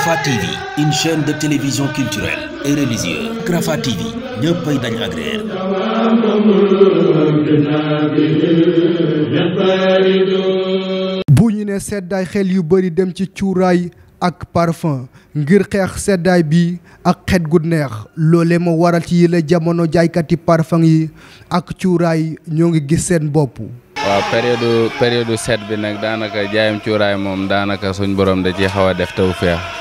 Rafah TV une chaîne de télévision bu ñu nee seddaay xel yu bari dem ci cuuraay ak parfum ngir xeex seddaay bi ak xet gu neex loole ma waral ci yi la jamono jaaykati parfum yi ak cuuraay ñoo ngi gis seen bopp waaw période période sedd bi nag daanaka jaayam cuuraay moom daanaka soñ borom da ciy xaw a def taw feex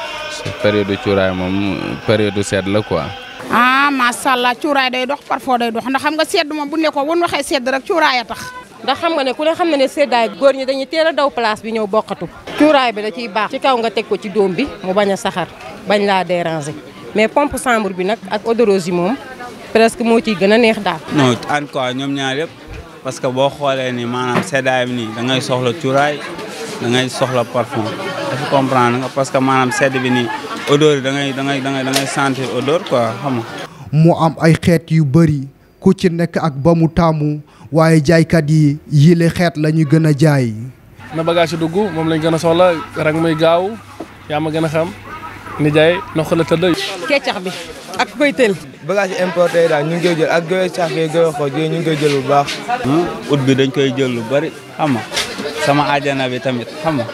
période cuuraay moom période sedd la quoi. ah macha allah cuuraay day dox parfois day dox ndax xam nga sedd moom bu nekkoo ko woon waxee sedd rek cuuraay a tax. ndax xam nga ne ku ne xam na ne seddaay góor ñi dañuy teel a daw place bi ñëw bokkatu. cuuraay bi da ciy baax. ci kaw nga teg ko ci doom bi mu bañ a saxar bañ laa déranger mais pompe chambre bi nag ak odorose yi moom presque moo ciy gën a neex daal. non en quoi ñoom ñaar yëpp parce que boo xoolee ni maanaam seddaay bi nii da ngay soxla cuuraay da ngay soxla parfum. dafa comprendre nga parce que maanaam sedd bi nii odeur yi dangay ngay da ngay da da ngay sentir odeur quoi xam nga. mu am ay xeet yu bëri ku ci nekk ak ba mu taamu waaye jaaykat yi yile xeet la ñu gën a jaay. na bagage dugg moom lañ gën a soxla rek muy gaaw yaa ma gën a xam ni jaay noq la tëdd. keccax bi ak koy tël. bagage importé daal ñu ngi koy jël ak gëwe saaf yi gëwe xooj yi ñu ngi koy jël bu baax. Hmm? ut bi dañ koy jël lu bari xam sama ajana bi tamit xam nga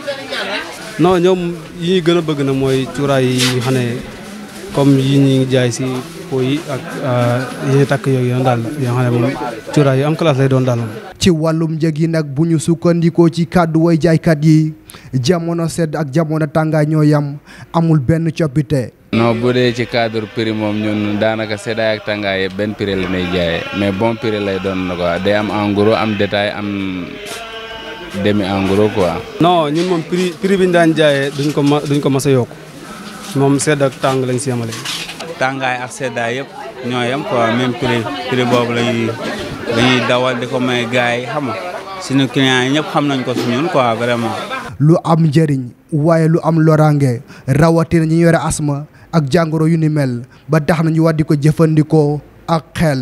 non ñoom yi ñuy gën a bëgg na mooy cuuraay yi xam ne comme yi ñuy jaay si po yi ak euh, yi ñuy takk yooyu yoon daal ne moom cuuraay yi daal ci wàllum njëg yi nag bu ñu sukkandikoo ci kàddu way jaaykat yi jamono sedd ak jamono tàngaay ñoo yam amul benn coppite. non bu dee ci cadre prix moom ñun daanaka seddaay ak tàngaay yëpp benn prix la ñuy jaayee mais bon prix lay doon ko day am en am détail am. demee en gros quoi. non ñun moom prix prix bi ñu daan jaayee duñ ko ma duñ ko mas a yokk moom sedd ak tàng lañ si yemale. tàngaay ak seddaay yëpp ñoo yem quoi même prix prix boobu la dawal di ko may gars yi xam nga suñu client yi ñëpp xam nañ ko si ñun quoi vraiment. lu am njëriñ waaye lu am loraange rawatina ñi yore asma ak jàngoro yu ni mel ba tax nañu ñu war di ko jëfandikoo ak xel.